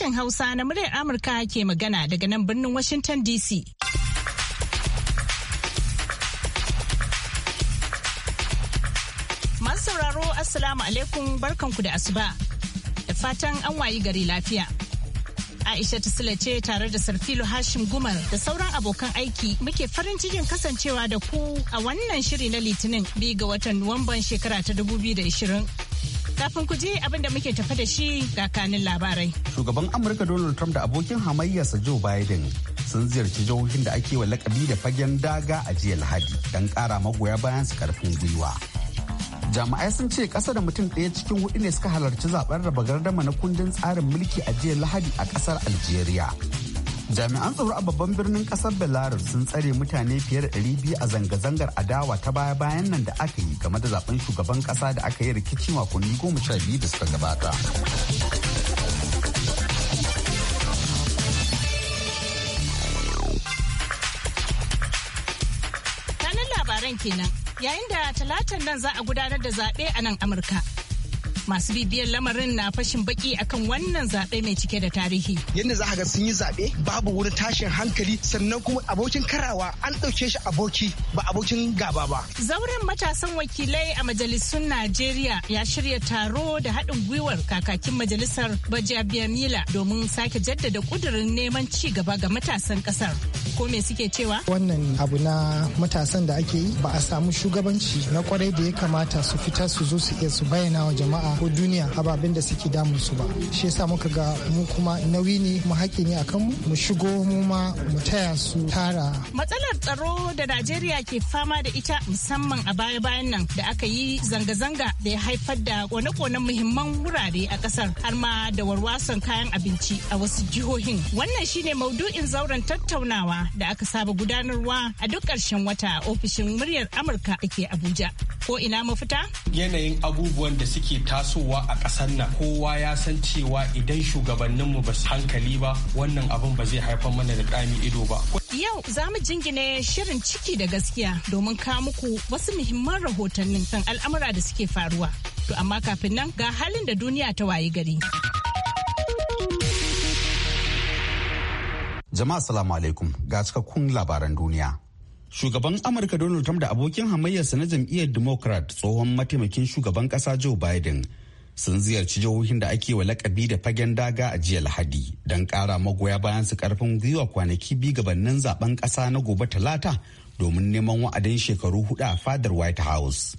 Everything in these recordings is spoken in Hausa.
Sashen Hausa na muryar Amurka ke magana daga nan birnin Washington DC. Masu sauraro Assalamu alaikum barkanku da asuba. Da fatan an wayi gari lafiya. Aisha Sule ce tare da Sarfilo Hashim Gumar da sauran abokan aiki muke farin cikin kasancewa da ku a wannan shiri na Litinin biyu ga watan Nuwamban shekara ta dubu 2020. Kafin ku ji abin da muke tafa da shi ga kanin labarai. Shugaban Amurka Donald Trump da abokin hamayyarsa Joe Biden sun ziyarci jihohin da ake wa lakabi da fagen daga a jiya Lahadi don kara magoya bayan su karfin gwiwa. Jami'ai sun ce kasa da mutum ɗaya cikin hudu ne suka halarci zaben raba gardama na kundin tsarin mulki a jiya Lahadi a ƙasar Algeria. jami'an tsaro a babban birnin kasar belarus sun tsare mutane fiye da biyu a zanga-zangar adawa ta baya-bayan nan da aka yi game da zaben shugaban kasa da aka yi rikici makonni goma sha biyu da suka gabata kanan labaran kenan yayin da talatan nan za a gudanar da zaɓe a nan amurka masu bibiyar lamarin na fashin baki akan wannan zaɓe mai cike da tarihi. Yadda za a ga sun yi zaɓe babu wani tashin hankali sannan kuma abokin karawa an ɗauke shi aboki ba abokin gaba ba. Zauren matasan wakilai a majalisun Najeriya ya shirya taro da haɗin gwiwar kakakin majalisar Bajiya domin sake jaddada ƙudurin neman ci gaba ga matasan ƙasar. Ko me suke cewa? Wannan abu na matasan da ake yi ba a samu shugabanci na kwarai da ya kamata su fita su zo su iya su bayyana wa jama'a ko duniya ababen da suke damun su ba shi yasa muka ga mu kuma nauyi ne mu haƙi ne akan mu mu shigo mu ma mu taya su tara matsalar tsaro da Najeriya ke fama da ita musamman a baya-bayan nan da aka yi zanga-zanga da ya haifar da kone kone muhimman wurare a kasar har ma da warwasan kayan abinci a wasu jihohin wannan shine maudu'in zauren tattaunawa da aka saba gudanarwa a duk ƙarshen wata ofishin muryar amurka dake abuja ko ina mafita yanayin abubuwan da suke taso tasowa a ƙasar nan kowa ya san cewa idan shugabanninmu ba su hankali ba wannan abin ba zai haifar mana da ƙami ido ba. Yau za mu jingine shirin ciki da gaskiya domin kawo muku wasu muhimman rahotannin kan al'amura da suke faruwa. To amma kafin nan ga halin da duniya ta wayi gari. Jama'a salamu alaikum ga cikakkun labaran duniya. Shugaban Amurka Donald Trump da abokin hamayyarsa na jam'iyyar Democrat tsohon mataimakin shugaban ƙasa Joe Biden sun ziyarci jihohin da ake wa lakabi da fagen daga a jiya Lahadi don kara magoya bayan su karfin gwiwa kwanaki bi gabanin zaben ƙasa na gobe Talata domin neman wa'adin shekaru hudu a fadar White House.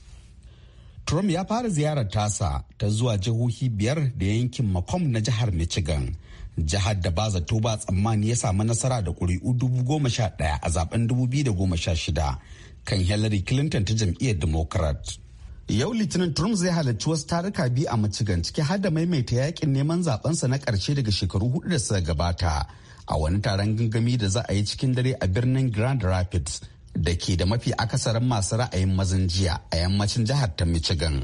Trump ya fara ziyarar tasa ta zuwa jihohi biyar da yankin Macomb na jihar Michigan. jihar da ba zato ba tsammani ya samu nasara da kuri'u dubu goma sha ɗaya a zaben dubu biyu da goma sha shida kan hillary clinton ta jam'iyyar democrat yau litinin trump zai halarci wasu taruka biyu a michigan ciki har da maimaita yakin neman zabensa na karshe daga shekaru hudu da suka gabata a wani taron gangami da za a yi cikin dare a birnin grand rapids da ke da mafi akasarin masu ra'ayin mazan jiya a yammacin jihar ta michigan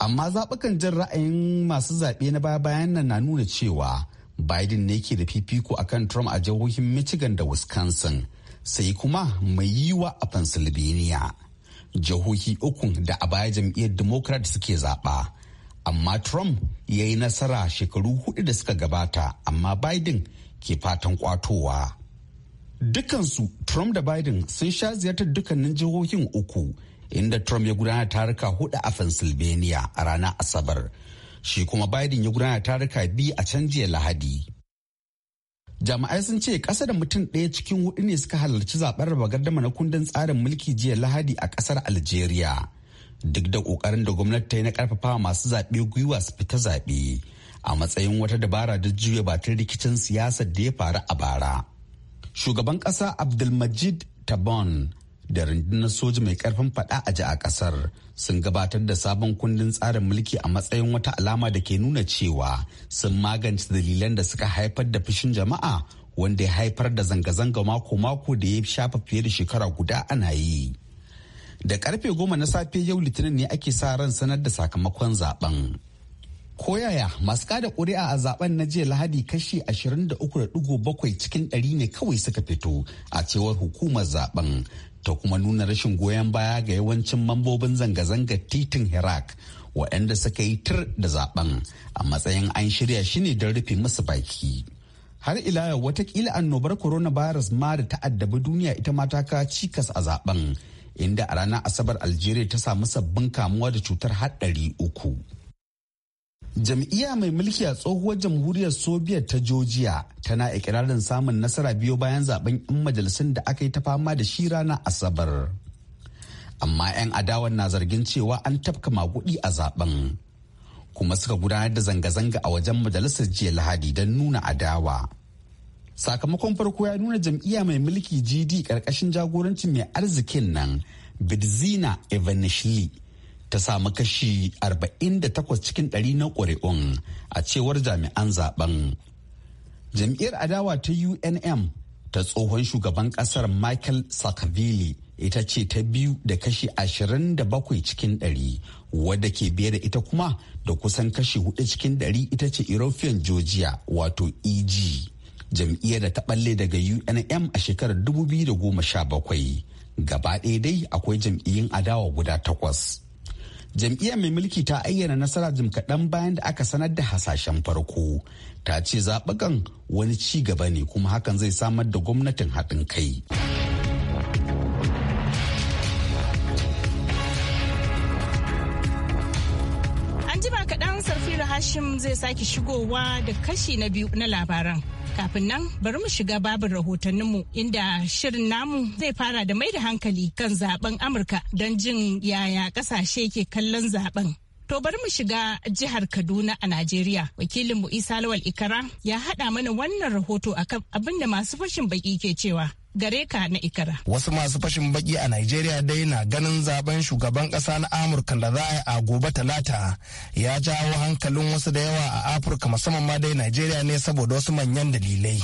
amma zaɓukan jin ra'ayin masu zaɓe na baya bayan nan na nuna cewa biden ne ke da fifiko a kan trump a jihohin michigan da wisconsin sai kuma mai yiwa a pennsylvania jihohi ukun da a baya jam'iyyar democrat suke zaɓa amma trump ya yi nasara shekaru hudu da suka gabata amma biden ke fatan kwatowa dukansu trump da biden sun sha ziyartar dukkanin jihohin uku inda Trump ya gudanar taruka hudu a Pennsylvania a ranar Asabar. Shi kuma Biden ya gudanar taruka biyu a can jiya Lahadi. Jami'ai sun ce ƙasa da mutum ɗaya cikin hudu ne suka halarci zaɓen raba gardama na kundin tsarin mulki jiya Lahadi a ƙasar Algeria. Duk da ƙoƙarin da gwamnati ta yi na ƙarfafa masu zaɓe gwiwa su fita zaɓe a matsayin wata dabara da juya batun rikicin siyasar da ya faru a bara. Shugaban ƙasa Abdulmajid Tabon da rundunar soja mai karfin fada a ji a kasar sun gabatar da sabon kundin tsarin mulki a matsayin wata alama da ke nuna cewa sun magance dalilan da suka haifar da fushin jama'a wanda ya haifar da zanga-zanga mako-mako da ya shafa fiye da shekara guda ana yi. Da karfe goma na safe yau litinin ne ake sa ran sanar da sakamakon zaben. Koyaya masu kada ƙuri'a a zaben na jiya Lahadi kashi 23.7 cikin ɗari ne kawai suka fito a cewar hukumar zaben ta kuma nuna rashin goyon baya ga yawancin mambobin zanga zanga titin Herak waɗanda suka yi tir da zaben a matsayin an shirya shi ne don rufe musu baki. Har ila yau watakila annobar coronavirus ma da ta'addabi duniya ita ma ta ka cikas a zaben inda a ranar Asabar Algeria ta samu sabbin kamuwa da cutar haɗari uku. jam'iyya mai mulki a tsohuwar jamhuriyar soviet ta georgia tana ikirarin samun nasara biyu bayan zaben 'yan majalisun da aka yi ta fama da shi ranar asabar amma 'yan adawan na zargin cewa an tafka magudi a zaben kuma suka gudanar da zanga-zanga a wajen majalisar jiya lahadi don nuna adawa sakamakon farko ya nuna jam'iyya mai mulki gd karkashin jagorancin mai arzikin nan bidzina evanishli ta samu kashi 48 cikin ɗari na ƙuri'un a cewar jami'an zaben. Jam'iyyar adawa ta UNM ta tsohon shugaban ƙasar Michael sakavili ita ce ta biyu da kashi 27 cikin ɗari wadda ke biye da ita kuma da kusan kashi 4 cikin ɗari ita ce European Georgia wato EG. Jam'iyyar da ta ɓalle daga UNM a shekarar 2017. Gaba ɗaya dai akwai jam'iyyun adawa guda takwas. jam'iyyar mai mulki ta ayyana nasara jim kaɗan bayan da aka sanar da hasashen farko ta ce zaɓukan wani ci gaba ne kuma hakan zai samar da gwamnatin haɗin kai an kaɗan sarfila hashim zai sake shigowa da kashi na biyu na labaran kafin nan bari mu shiga babin rahotanninmu inda shirin namu zai fara da mai da hankali kan zaben Amurka don jin yaya kasashe ke kallon zaben. To bari mu shiga jihar Kaduna a Najeriya. Wakilinmu Isa Lawal Ikara ya haɗa mana wannan rahoto akan abin da masu fashin baki ke cewa. gare ka na ikara. Wasu masu fashin baki a Najeriya dai na ganin zaben shugaban kasa na Amurka da za a yi a gobe talata ya jawo hankalin wasu da yawa a Afirka musamman ma dai Najeriya ne saboda wasu manyan dalilai.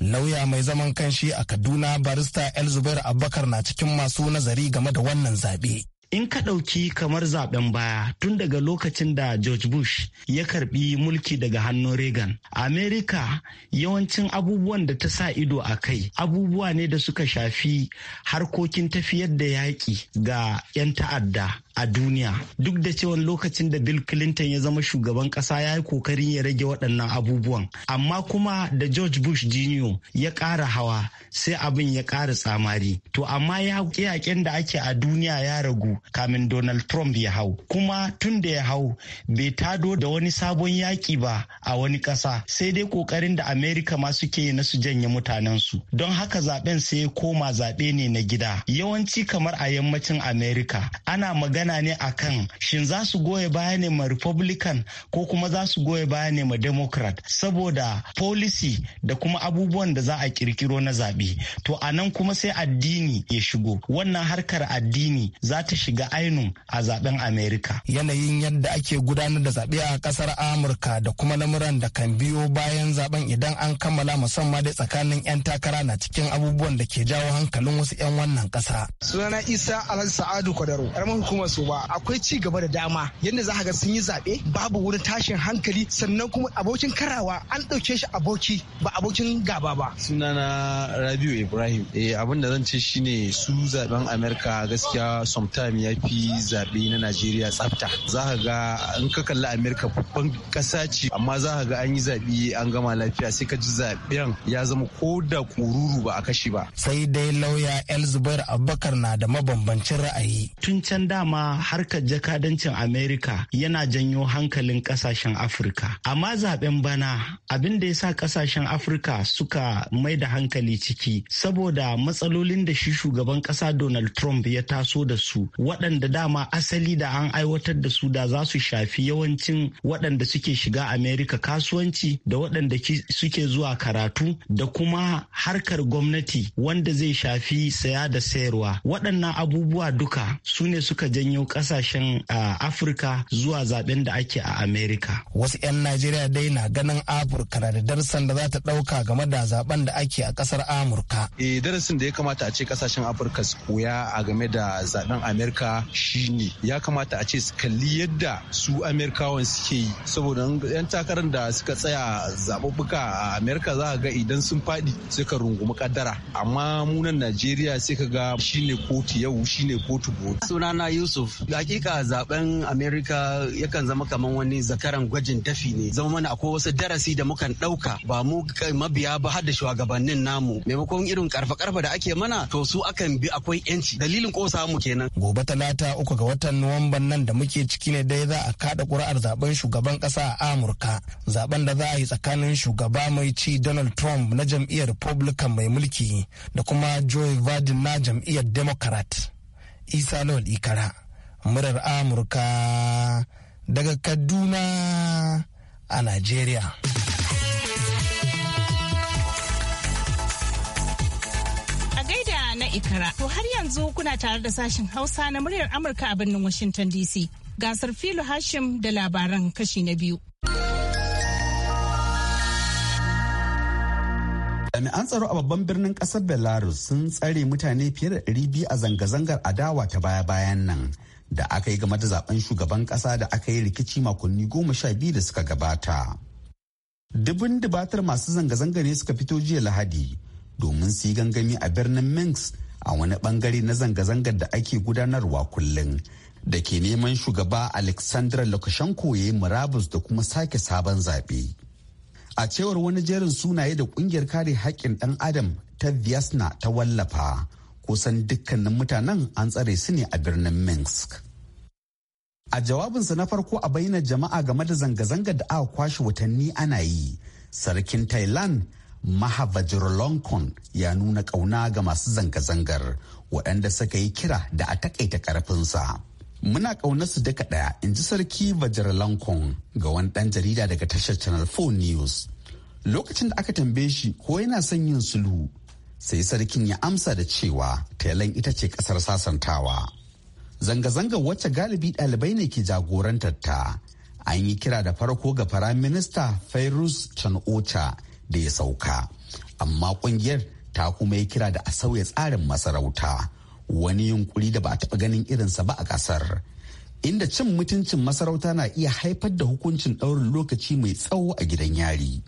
Lauya mai zaman kanshi a Kaduna barista El Zubair Abubakar na cikin masu nazari game da wannan zabe. in ka ɗauki kamar zaben baya tun daga lokacin da george bush ya karbi mulki daga hannun reagan Amerika yawancin abubuwan da ta sa ido a kai abubuwa ne da suka shafi harkokin tafiyar da yaƙi ga 'yan ta'adda a duniya duk da cewa lokacin da bill clinton ya zama shugaban kasa ya yi kokarin ya rage waɗannan abubuwan amma kuma da george bush jr ya ƙara hawa sai abin ya ƙara tsamari to amma ya yaƙen da ake a duniya ya ragu kamin donald trump ya hau kuma tun da ya hau bai tado da wani sabon yaƙi ba a wani ƙasa sai dai ƙoƙarin da america ma suke yi na su janye mutanensu don haka zaben sai ya koma zaɓe ne na gida yawanci kamar a yammacin america ana magana magana ne akan shin za su goya baya ne ma republican ko kuma za su goya baya ne ma democrat saboda policy da kuma abubuwan da za a kirkiro na zaɓe to a nan kuma sai addini ya shigo wannan harkar addini za ta shiga ainun a zaben america yanayin yadda ake gudanar da zaɓe a ƙasar amurka da kuma lamuran da kan biyo bayan zaben idan an kammala musamman dai tsakanin 'yan takara na cikin abubuwan da ke jawo hankalin wasu 'yan wannan ƙasa sunana isa alhaji sa'adu kwadaro hukumar so ba akwai ci gaba da dama yadda za ga sun yi zaɓe babu wurin tashin hankali sannan kuma abokin karawa an ɗauke shi aboki ba abokin gaba ba. sunana rabiu ibrahim eh abin da zan ce shine su zaben amerika gaskiya sometime ya fi zaɓe na najeriya tsafta za ka ga in ka kalli amerika babban ƙasa ce amma za ka ga an yi zaɓe an gama lafiya sai ka ji zaɓen ya zama ko da kururu ba a kashe ba. sai dai lauya el a abubakar na da mabambancin ra'ayi. tun can dama harkar jakadancin Amerika yana janyo hankalin kasashen Afirka. Amma zaben bana abin da ya sa kasashen Afirka suka mai da hankali ciki saboda matsalolin da shi shugaban kasa Donald Trump ya taso da su waɗanda dama asali da an aiwatar da su da za su shafi yawancin waɗanda suke shiga Amerika kasuwanci da waɗanda suke zuwa karatu da kuma harkar gwamnati wanda zai shafi saya da sayarwa. Waɗannan abubuwa duka su ne suka janyo janyo kasashen afirka zuwa zaben da ake a Amerika. wasu 'yan najeriya dai na ganin afirka na da darasin da za ta dauka game da zaben da ake a kasar amurka eh darasin da ya kamata a ce kasashen afirka su koya a game da zaben Amurka shine ya kamata a ce su kalli yadda su amerikawan suke yi saboda 'yan takarar da suka tsaya zaɓuɓɓuka a amerika za ga idan sun faɗi suka rungumi kaddara amma munan najeriya sai ka ga shine kotu yau shine kotu gobe sunana yusuf Yusuf hakika zaben Amerika yakan zama kamar wani zakaran gwajin dafi ne zama mana akwai wasu darasi da mukan dauka ba mu mabiya ba har da shugabannin namu maimakon irin karfa karfa da ake mana to su akan bi akwai yanci dalilin ko samu kenan. Gobe talata uku ga watan Nuwamban nan da muke ciki ne dai za a kada kuri'ar zaben shugaban kasa a Amurka zaben da za a yi tsakanin shugaba mai ci Donald Trump na jam'iyyar Republican mai mulki da kuma Joe Biden na jam'iyyar Democrat. Isa lol Ikara murar Amurka daga Kaduna a Najeriya. na Ikara. To har yanzu kuna tare da sashen Hausa na muryar Amurka a birnin Washington DC. Gasar filo Hashim da labaran kashi na biyu. Jami'an tsaro a babban birnin kasar Belarus sun tsare mutane fiye da 200 a zanga-zangar adawa ta baya-bayan nan. da aka yi game da zaben shugaban kasa da aka yi rikici makonni goma sha biyu da suka gabata. Dubin dubatar masu zanga-zanga ne suka fito jiya Lahadi domin su yi gangami a birnin Minsk a wani bangare na zanga-zangar da ake gudanarwa kullum da ke neman shugaba Alexander Lukashenko ya yi murabus da kuma sake sabon zaɓe. A cewar wani jerin sunaye da kungiyar kare haƙƙin ɗan Adam ta Vyasna ta wallafa. kusan dukkanin mutanen an tsare su ne a birnin minsk a jawabinsa na farko a bayyana jama'a game da zanga-zangar da aka kwashe watanni ana yi sarkin thailand mahavajirlonkon ya nuna ƙauna ga masu zanga-zangar waɗanda suka yi kira da a takaita ƙarfinsa muna ƙaunar su duka ɗaya in ji sarki vajirlonkon ga wani ɗan jarida daga tashar channel 4 news lokacin da aka tambaye shi ko yana son yin sulhu sai sarkin ya amsa da cewa tailan ita ce kasar sasantawa zanga-zanga wacce galibi ɗalibai ne ke jagorantar ta an yi kira da farko ga firaminista fairuz chanocha da ya sauka amma ƙungiyar ta kuma yi kira da a sauya tsarin masarauta wani yunkuri da ba a taɓa ganin irinsa ba a ƙasar inda cin mutuncin masarauta na iya haifar da hukuncin ɗaurin lokaci mai tsawo a gidan yari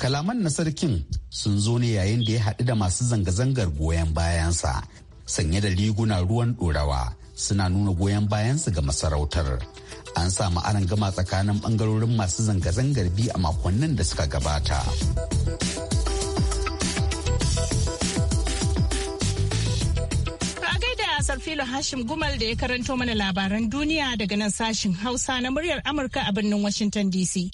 kalaman na sarkin sun zo ne yayin da ya haɗu da masu zanga-zangar goyon bayansa sanye da riguna ruwan ɗorawa suna nuna goyon bayansu ga masarautar an samu aran gama tsakanin ɓangarorin masu zanga-zangar bi a makonnin da suka gabata filo Hashim Gumal da ya karanto mana labaran duniya daga nan sashin Hausa na muryar Amurka a birnin Washington DC.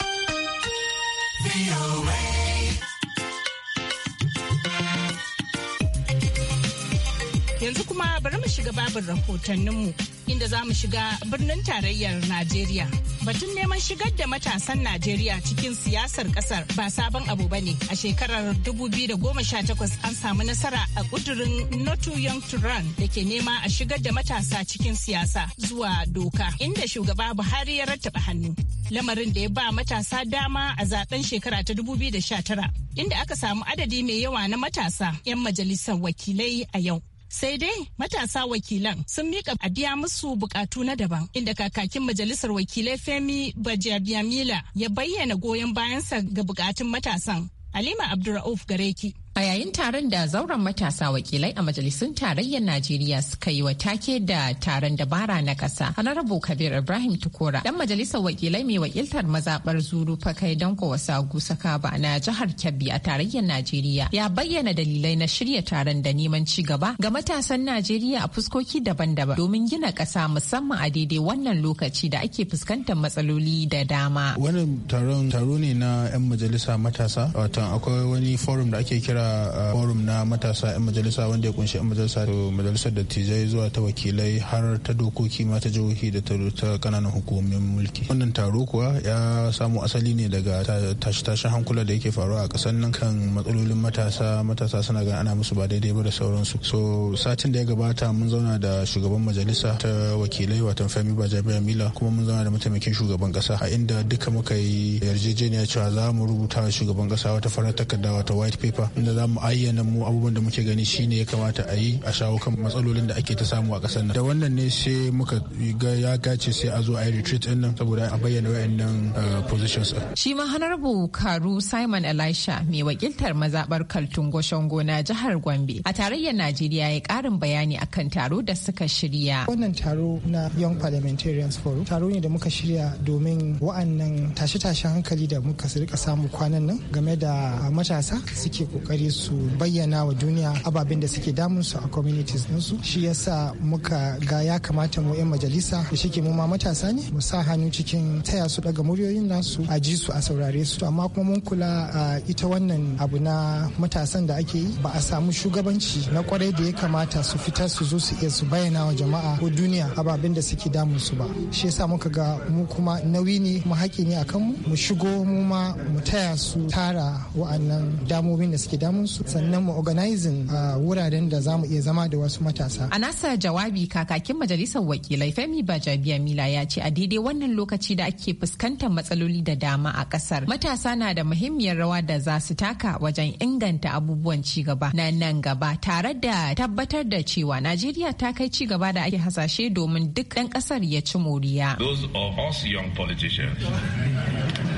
kuma bari mu shiga babin rahotanninmu inda za mu shiga birnin tarayyar Najeriya. Batun neman shigar da matasan Najeriya cikin siyasar kasar ba sabon abu ba ne. A shekarar 2018 an samu nasara a kudurin Not Too Young to Run da ke nema a shigar da matasa cikin siyasa zuwa doka inda shugaba Buhari ya rattaba hannu. Lamarin da ya ba matasa dama a zaben shekara ta 2019 inda aka samu adadi mai yawa na matasa 'yan majalisar wakilai a yau. Sai dai matasa wakilan sun mika a biya musu bukatu na daban inda kakakin majalisar wakilai Femi Bajabiamila ya bayyana goyon bayansa ga bukatun matasan. Halima Abdurrauf Gareki A yayin taron da zauren matasa wakilai a majalisun tarayyar Najeriya suka yi wa take da taron dabara na ƙasa. Honorable Kabir Ibrahim Tukura, dan majalisar wakilai mai wakiltar mazabar Zuru Fakai Danko Sagu Sakaba na jihar Kebbi a tarayyar Najeriya, ya bayyana dalilai na shirya taron da neman ci gaba ga matasan Najeriya a fuskoki daban-daban domin gina ƙasa musamman a daidai wannan lokaci da ake fuskantar matsaloli da dama. Wannan taron taro ne na 'yan majalisa matasa, watan akwai wani forum da ake kira a forum na matasa 'yan majalisa wanda ya kunshi 'yan majalisa to majalisar dattijai zuwa ta wakilai har ta dokoki ma ta jihohi da ta kananan hukumomin mulki wannan taro kuwa ya samu asali ne daga tashi-tashin hankula da yake faruwa a kasan nan kan matsalolin matasa matasa suna ganin ana musu ba daidai ba da sauransu so satin da ya gabata mun zauna da shugaban majalisa ta wakilai watan femi bajabiya mila kuma mun zauna da mataimakin shugaban kasa a inda duka muka yi yarjejeniya cewa za mu rubuta shugaban kasa wata farar takarda wata white paper inda za mu ayyana mu abubuwan da muke gani shine ya kamata a yi a shawo kan matsalolin da ake ta samu a kasar nan da wannan ne sai muka ga ya gace sai a zo a yi retreat din nan saboda a bayyana wayannan eh, positions shi ma hanarbu karu simon elisha mai wakiltar mazabar kaltun goshongo na jihar gombe a tarayyar najeriya ya karin bayani akan taro da suka shirya wannan taro na young parliamentarians forum taro ne da muka shirya domin wa'annan tashe-tashen hankali da muka rika samu kwanan nan game da matasa suke kokari su bayyana wa duniya ababen da suke damun su a communities su shi yasa muka ga ya kamata mu 'yan majalisa da shike mu ma matasa ne mu sa hannu cikin taya su daga muryoyin nasu a ji su a saurare su amma kuma mun kula a ita wannan abu na matasan da ake yi ba a samu shugabanci na kwarai da ya kamata su fita su zo su iya su bayyana wa jama'a ko duniya ababen da suke damun su ba shi yasa muka ga mu kuma nauyi ne mu haƙi ne akan mu mu shigo mu ma mu taya su tara wa'annan damomin da suke damun su sannan mu organizing uh, wuraren da zamu iya zama da wasu matasa. A nasa jawabi kakakin majalisar wakilai Femi Bajabiya Mila ya ce a daidai wannan lokaci da ake fuskantar matsaloli da dama a kasar matasa na da muhimmiyar rawa da za su taka wajen inganta abubuwan ci gaba na nan gaba tare da tabbatar da cewa Najeriya ta kai ci gaba da ake hasashe domin duk ɗan kasar ya ci moriya. Those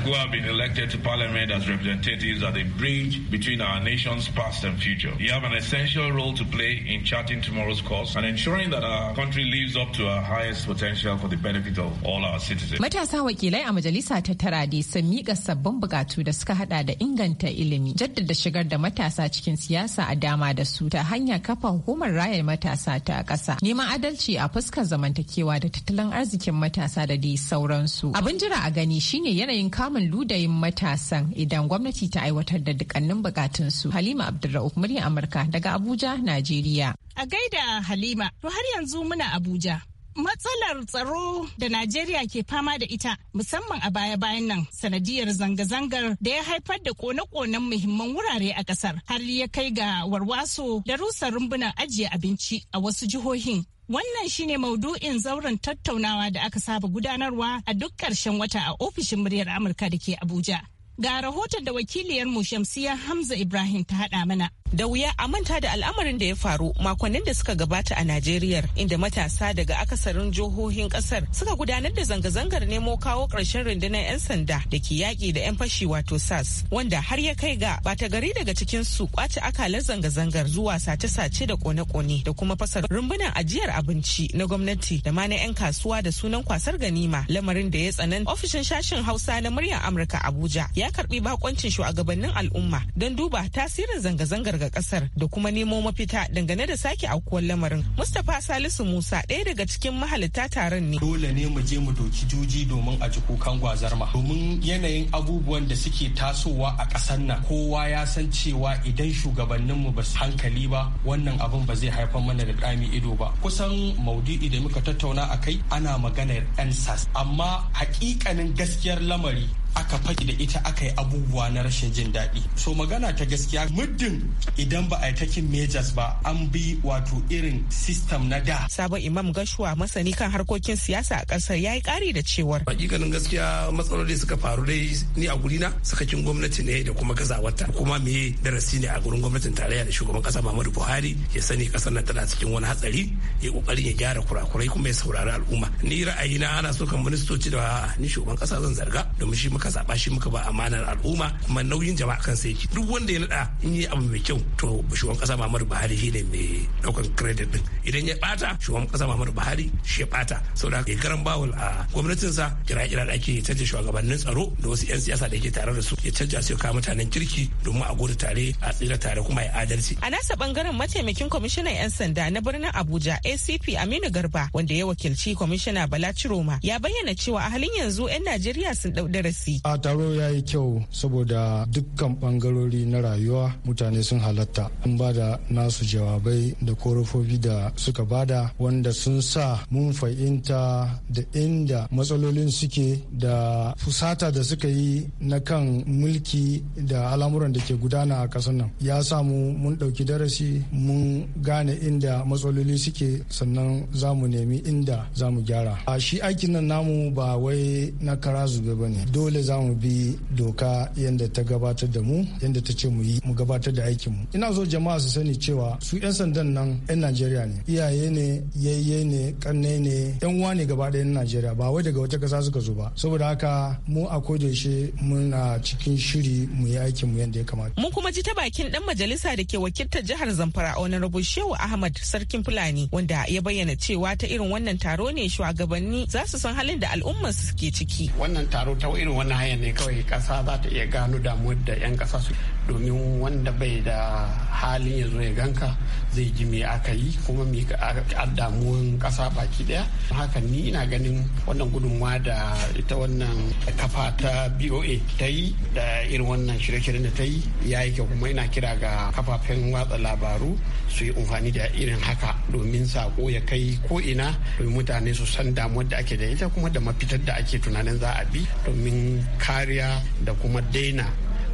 who have been elected to parliament as representatives are the bridge between our nation's past and future. You have an essential role to play in charting tomorrow's course and ensuring that our country lives up to our highest potential for the benefit of all our citizens. Matasa wakilai a majalisa ta tara dai sun miƙa sabbin buƙatu da suka haɗa da inganta ilimi, jaddada shigar da matasa cikin siyasa a dama da su ta hanyar kafa hukumar raya matasa ta ƙasa. Neman adalci a fuskar zamantakewa da tattalin arzikin matasa da dai sauransu. Abin jira a gani shine yanayin kama samun ludayin matasan idan gwamnati ta aiwatar da dukkanin bukatunsu. Halima Abdulra'uf murya Amurka daga Abuja, Najeriya. A gaida Halima, to har yanzu muna Abuja. matsalar tsaro da Najeriya ke fama da ita musamman a baya-bayan nan sanadiyar zanga-zangar da ya haifar da kone-konen muhimman wurare a kasar har ya kai ga warwaso da rusa rumbunan ajiye abinci a wasu jihohin Wannan shine maudu'in zauren tattaunawa da aka saba gudanarwa a duk ƙarshen wata a ofishin muryar Amurka da ke Abuja. Ga rahoton da wakiliyarmu Shamsiya Hamza Ibrahim ta haɗa mana. Da wuya a manta da al'amarin da ya faru makonnin da suka gabata a Najeriya inda matasa daga akasarin jihohin kasar suka gudanar da zanga-zangar nemo kawo ƙarshen rundunar 'yan sanda da ke yaƙi da 'yan fashi wato SAS wanda har ya kai ga bata gari daga cikin su kwace akalar zanga-zangar zuwa sace-sace da kone-kone da kuma fasar rumbunan ajiyar abinci na gwamnati da ma na 'yan kasuwa da sunan kwasar ganima lamarin da ya tsanan ofishin shashin Hausa na muryar Amurka Abuja ya ya karbi bakoncin shugabannin al'umma don duba tasirin zanga-zangar ga kasar da kuma nemo mafita dangane da sake aukuwar lamarin. Mustapha Salisu Musa ɗaya daga cikin mahalitta taron ne. Dole ne mu je mu doki juji domin a ji kukan gwazarma. Domin yanayin abubuwan da suke tasowa a ƙasar nan kowa ya san cewa idan shugabanninmu ba su hankali ba wannan abun ba zai haifar mana da ɗami ido ba. Kusan maudu'i da muka tattauna a kai ana maganar 'yan sas. Amma hakikanin gaskiyar lamari aka faɗi da ita aka yi abubuwa na rashin jin daɗi so magana ta gaskiya muddin idan ba a yi takin majors ba an bi wato irin system na da sabon imam gashuwa masani kan harkokin siyasa a ƙasar ya yi ƙari da cewar ganin gaskiya matsaloli suka faru dai ni a gurina sakakin gwamnati ne da kuma gazawarta kuma me darasi ne a gurin gwamnatin tarayya da shugaban ƙasa muhammadu buhari ya sani ƙasar nan tana cikin wani hatsari ya ƙoƙarin ya gyara kurakurai kuma ya saurari al'umma ni ra'ayi na ana so kan ministoci da ni shugaban kasa zan zarga domin shi muka zaba shi muka ba amanar al'umma kuma nauyin jama'a kan sai duk wanda ya nada in yi abu mai kyau to shugaban kasa Muhammadu Buhari shi ne mai daukan credit din idan ya bata shugaban kasa Muhammadu Buhari shi ya bata saboda ya garan bawul a gwamnatinsa kira kira da ake canja shugabannin tsaro da wasu yan siyasa da ke tare da su ya canja su ya kawo mutanen kirki domin a gode tare a tsira tare kuma ya adalci a nasa bangaren mataimakin kwamishinan yan sanda na birnin Abuja ACP Aminu Garba wanda ya wakilci kwamishina Bala Ciroma ya bayyana cewa a halin yanzu yan Najeriya sun dau darasi tafi. A taro ya yi kyau saboda dukkan bangarori na rayuwa mutane sun halatta. An ba da nasu jawabai da korofofi da suka bada wanda sun sa mun fahimta da inda matsalolin suke da fusata da suka yi na kan mulki da al'amuran da ke gudana a ƙasar nan. Ya sa mu mun ɗauki darasi mun gane inda matsaloli suke sannan za mu nemi inda za mu gyara. A shi aikin nan namu ba wai na kara zube ba ne. Dole dole za mu bi doka yadda ta gabatar da mu yadda ta ce mu yi mu gabatar da aikin mu ina so jama'a su sani cewa su 'yan sandan nan 'yan najeriya ne iyaye ne yayye ne kanne ne 'yan uwa ne gaba ɗaya najeriya ba wai daga wata ƙasa suka zo ba saboda haka mu a kodayaushe muna cikin shiri mu yi aikin mu yadda ya kamata mun kuma ji ta bakin dan majalisa da ke wakiltar jihar zamfara a rabu shehu ahmad sarkin fulani wanda ya bayyana cewa ta irin wannan taro ne shugabanni za su san halin da al'ummar ke ciki wannan taro ta irin wannan ne kawai kasa za ta iya gano damuwar da 'yan kasa su domin wanda bai da halin ya zo ya ganka zai ji me aka yi kuma me a damuwan ƙasa baki ɗaya haka ni ina ganin wannan gudunmawa da ita wannan kafa ta boa ta yi da irin wannan shirye-shiryen da ta yi ya yi kyau kuma ina kira ga kafafen watsa labaru su yi amfani da irin haka domin sako ya kai ko ina domin mutane su san damuwar da ake da ita kuma da mafitar da ake tunanin za a bi domin kariya da kuma daina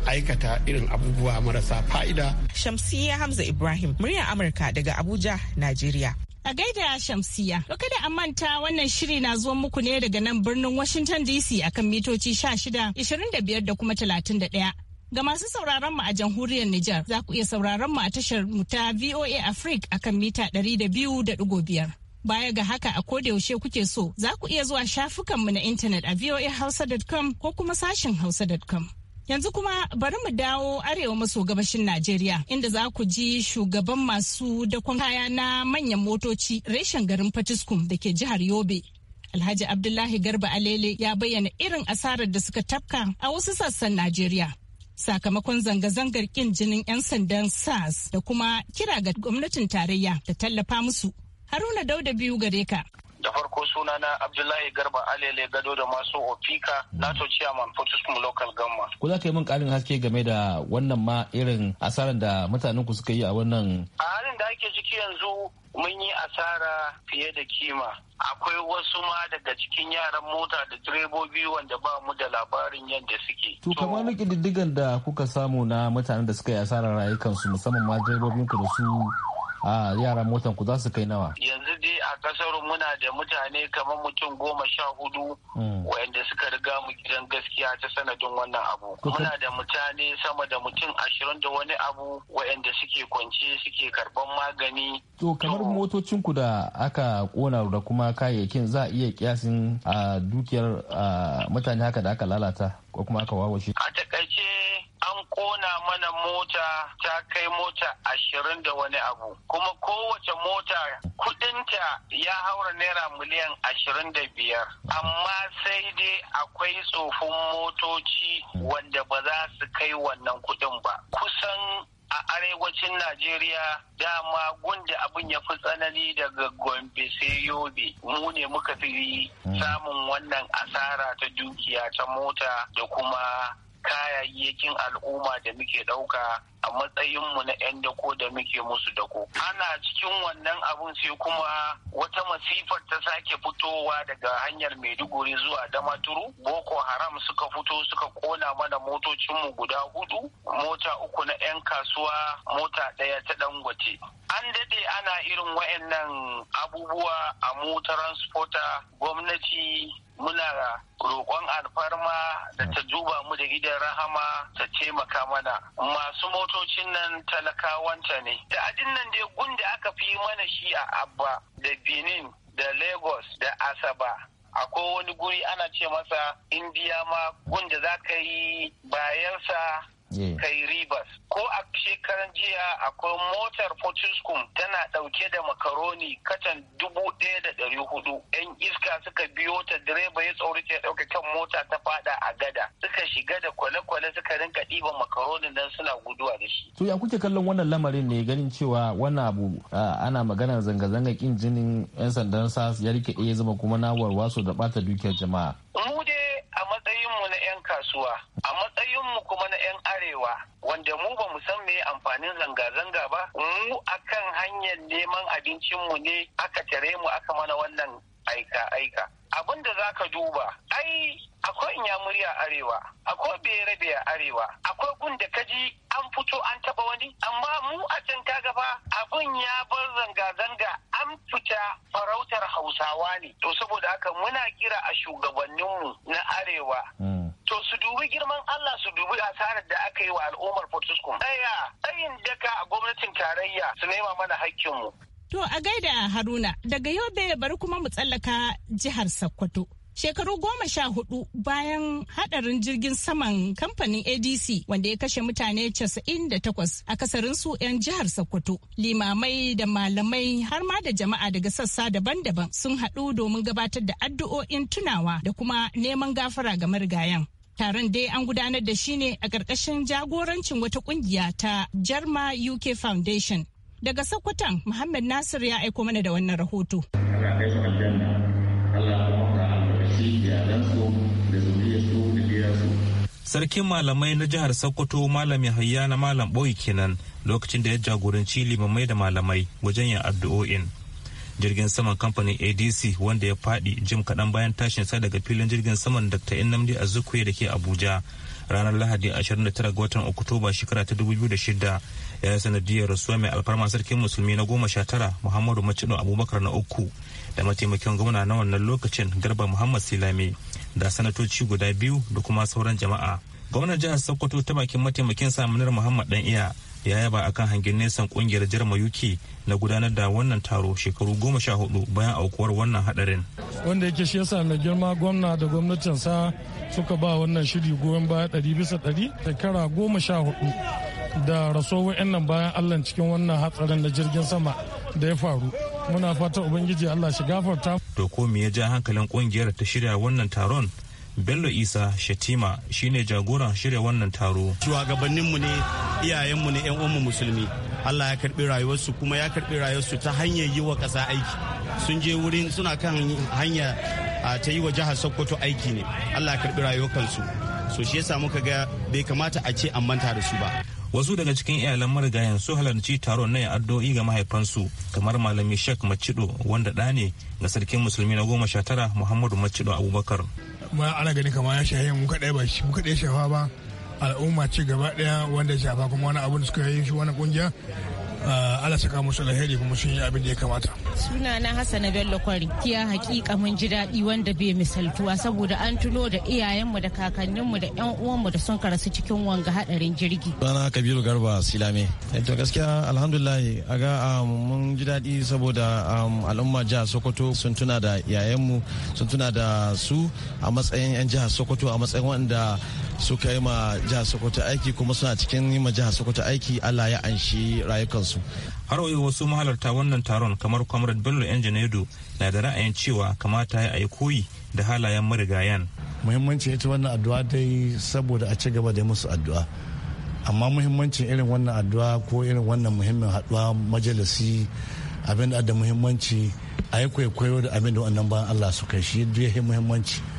aikata irin abubuwa marasa fa'ida. Shamsiyya Hamza Ibrahim, murya Amurka daga Abuja, Najeriya. A gaida Shamsiya, doka da manta wannan shiri na zuwan muku ne daga nan birnin Washington DC akan mitoci 16, 25 da kuma 31. Ga masu sauraron mu a jamhuriyar Nijar, za ku iya sauraron mu a tashar mu ta VOA Africa akan mita biyu 200.5. Baya ga haka a koda yaushe kuke so za ku iya zuwa shafukanmu na intanet a voahausa.com ko kuma sashin hausa.com. Yanzu kuma bari mu dawo arewa maso gabashin Najeriya inda za ku ji shugaban masu dakon kaya na manyan motoci reshen garin Fatiskum da ke jihar Yobe. Alhaji Abdullahi Garba Alele ya bayyana irin asarar da suka tafka a wasu sassan Najeriya. sakamakon zanga-zangar kin jinin 'yan sandan sars da kuma kira ga gwamnatin tarayya da tallafa musu Haruna Dauda biyu gare ka. da farko sunana abdullahi garba alele gado da masu ofika nato chairman fortiskum local gamma ku za ka yi min karin haske game da wannan ma irin asarar da mutanen ku suka yi a wannan a halin da ake ciki yanzu mun yi asara fiye da kima akwai wasu ma daga cikin yaran mota da direbobi wanda ba mu da labarin yadda suke to kamar ƙididdigan da kuka samu na mutanen da suka yi asarar rayukansu musamman ma direbobin ku da su a yaran motan ku za su kai nawa yanzu dai a kasar muna da mutane kamar mutum goma sha hudu mm. wayanda suka riga mu gidan gaskiya ta sanadin wannan abu muna da mutane sama da mutum ashirin da wani abu wayanda suke kwance suke karban magani to kamar motocin ku da aka kona da kuma kayayyakin za a iya kiyasin a dukiyar mutane haka da aka lalata ko kuma aka wawace a takaice an kona mana mota ta kai mota ashirin da wani abu kuma kowace mota kudinta ya haura naira miliyan ashirin da biyar amma sai dai akwai tsofin motoci wanda ba za su kai wannan kudin ba kusan a arewacin Najeriya dama gunda abin ya fi tsanani daga Gombe sai Yobe mu ne muka fi samun wannan asara ta dukiya ta mota da kuma kayayyakin al'umma da muke ɗauka a matsayinmu na 'yan dako da muke musu dako. Ana cikin wannan abun sai kuma wata masifar ta sake fitowa daga hanyar Maiduguri zuwa Damaturu. Boko Haram suka fito suka kona mana motocinmu guda hudu, mota uku na 'yan kasuwa, mota ɗaya ta dangote. An daɗe ana irin wa'annan abubuwa a transporter gwamnati muna roƙon alfarma da ta duba mu da gidan rahama ta taimaka mana masu motocin nan talakawanta ne da adin nan dai gun da aka fi mana shi a abba da benin da lagos da asaba akwai wani guri ana ce masa indiya ma gun da za ka yi bayansa kai ribas ko a shekaran jiya akwai motar potiskum tana dauke da makaroni katan dubu ɗaya da ɗari hudu yan iska suka biyo ta direba ya tsauri ya dauke kan mota ta fada a gada suka shiga da kwale-kwale suka rinka ɗiban makaronin nan suna guduwa da shi. to ya kuke kallon wannan lamarin ne ganin cewa wannan abu ana maganar zanga-zanga kin jinin yan sandan sas ya rike ya zama kuma na warwaso da bata dukiyar jama'a. mu dai a matsayinmu na 'yan kasuwa a matsayinmu kuma na 'yan arewa wanda mu ba mu san me amfanin zanga-zanga ba mu akan hanyar neman abincinmu ne aka tare mu aka mana wannan aika-aika abin da za ka duba ai akwai inyamuri a arewa akwai bere a arewa akwai gun da kaji an fito an taba wani amma mu a can kaga fa abin ya bar zanga-zanga an fita farautar hausawa ne to saboda haka muna kira a shugabanninmu na arewa hmm. to su dubi girman Allah su dubi asarar da aka yi wa al'ummar Port Ɗaya tsayin daka a gwamnatin tarayya su nema mana hakkinmu. To a gaida Haruna daga yau bai bari kuma mu tsallaka jihar Sokoto shekaru goma sha hudu bayan hadarin jirgin saman kamfanin adc wanda ya kashe mutane 98 kasarinsu 'yan jihar sokoto limamai da malamai har ma da jama'a daga sassa daban-daban sun haɗu domin gabatar da addu'o'in tunawa da kuma neman gafara ga marigayan taron dai an gudanar da shi ne a ƙarƙashin jagorancin wata ƙungiya ta jarma uk foundation daga sokoton muhammad nasir ya aiko mana da wannan rahoto Sarkin malamai na jihar Sokoto Malam Yahaya na Malam Boyi kenan lokacin da ya jagoranci limamai da malamai wajen yin addu'o'in. jirgin saman kamfanin adc wanda ya fadi jim kaɗan bayan tashin sa daga filin jirgin saman dr nnamdi azukwe da ke abuja ranar lahadi 29 ga watan oktoba shekara ta 2006 ya yi sanadiyar rasuwa mai alfarma sarkin musulmi na goma sha tara muhammadu macino abubakar na uku da mataimakin gwamna na wannan lokacin garba muhammad silame da sanatoci guda biyu da kuma sauran jama'a gwamnan jihar sokoto ta bakin mataimakin saminar muhammad dan iya ya yaba akan hangen nesan kungiyar jirma uk na gudanar da wannan taro shekaru goma sha hudu bayan aukuwar wannan hadarin wanda yake shi yasa mai girma gwamna da gwamnatinsa suka ba wannan shiri goyon baya ɗari bisa ɗari shekara goma sha hudu da rasuwar nan bayan allah cikin wannan hatsarin na jirgin sama da ya faru muna fata ubangiji allah shi gafarta to ko me ya ja hankalin kungiyar ta shirya wannan taron bello isa shatima shine jagoran shirya wannan taro shugabanninmu ne iyayenmu ne yan uwanmu musulmi Allah ya karbi rayuwarsu kuma ya karbi rayuwarsu ta hanyar yi wa ƙasa aiki sun je wurin suna kan hanya ta yi wa jihar Sokoto aiki ne Allah ya karbi rayuwar so shi yasa muka ga bai kamata a ce an manta da su ba wasu daga cikin iyalan marigayen su halarci taron na addu'o'i ga mahaifansu kamar malami sheikh macido wanda da ne ga sarkin musulmi na goma sha tara muhammadu macido abubakar ma ana gani kama ya shahe mu kaɗai ba shi mu kaɗai shafa ba al'umma ci gaba daya wanda shafa kuma wani abin da suka yi shi wani kungiya uh, ala saka musu alheri kuma sun yi abin da ya kamata. Suna na Hassana Bello Kwari. Kiya hakika mun ji daɗi wanda bai misaltuwa saboda an tuno da iyayenmu da kakanninmu da yan uwanmu da sun karasu cikin wanga hadarin jirgi. Bana Kabiru Garba Silame. Eh, to gaskiya alhamdulillah aga um, mun ji daɗi saboda um, al'umma jihar Sokoto sun tuna da iyayenmu sun tuna da su a matsayin 'yan jihar Sokoto a matsayin wanda suka yi ma jihar sokoto aiki kuma suna cikin yi ma jihar sokoto aiki allah ya anshi rayukansu har wayo wasu mahalarta wannan taron kamar comrade bello janeiro na da ra'ayin cewa kamata ya yi koyi da halayen marigayan muhimmanci ita wannan addu'a dai saboda a ci gaba da musu addu'a amma muhimmancin irin wannan addu'a ko irin wannan muhimmin haduwa majalisi abin da muhimmanci a yi kwaikwayo da abin da wannan bayan allah su suka shi ya muhimmanci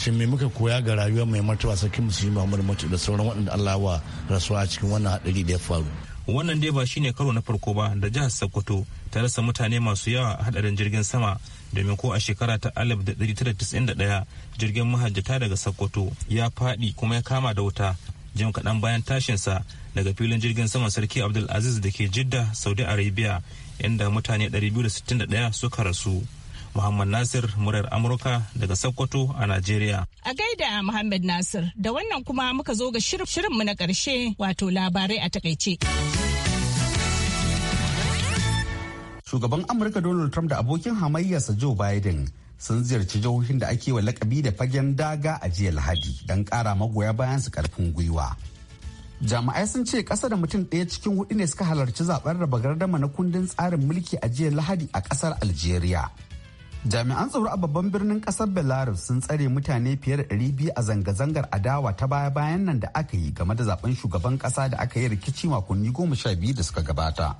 shin me muka koya ga rayuwa mai martaba sarkin musulmi muhammadu mutu da sauran waɗanda allah wa rasuwa cikin wannan haɗari da ya faru wannan dai ba shine karo na farko ba da jihar sokoto ta rasa mutane masu yawa a hadarin jirgin sama domin ko a shekara ta 1991 jirgin mahajjata daga sokoto ya faɗi kuma ya kama da wuta jim kaɗan bayan tashin sa daga filin jirgin sama sarki abdulaziz da ke jidda saudi arabia inda mutane 261 suka rasu Muhammad Nasir murar Amurka daga Sokoto a Najeriya. A gaida Muhammad Nasir da wannan kuma muka zo ga shirin mu na ƙarshe wato labarai a takaice. Shugaban Amurka Donald Trump da abokin hamayyarsa Joe Biden sun ziyarci jihohin da ake wa lakabi da fagen daga a jiya Lahadi don kara magoya bayan su karfin gwiwa. jami'ai sun ce kasa da mutum ɗaya cikin hudu ne suka halarci zaben raba gardama na kundin tsarin mulki a jiya lahadi a ƙasar algeria jami'an tsaro a babban birnin kasar belarus sun tsare mutane fiye da 200 a zanga-zangar adawa ta baya-bayan nan da aka yi game da zaben shugaban kasa da aka yi rikici makonni goma sha biyu da suka gabata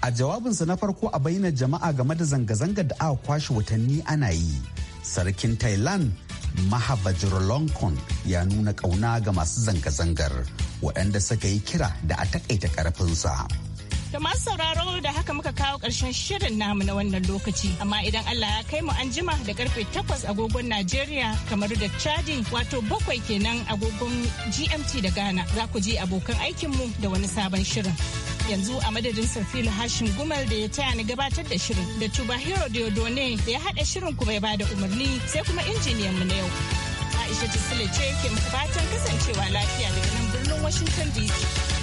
a jawabinsa na farko a bayyana jama'a game da zanga-zangar da aka kwashe watanni ana yi sarkin thailand mahaba jirolonkon ya nuna ƙauna ga masu zanga-zangar waɗanda suka yi kira da a takaita ƙarfinsa. Ga masu sauraro da haka muka kawo ƙarshen shirin namu na wannan lokaci. Amma idan Allah ya kai mu an jima da karfe takwas agogon Najeriya kamar da Chadin wato bakwai kenan agogon GMT da Ghana za ku ji abokan aikinmu da wani sabon shirin. yanzu a madadin Safilu, Hashim gumal da ya taya ni gabatar da shirin da tuba hero diodone da ya haɗa shirin kuma ya bada umarni sai kuma injiniyan mu na yau aisha tisile ce ke fatan kasancewa lafiya daga nan birnin washington dc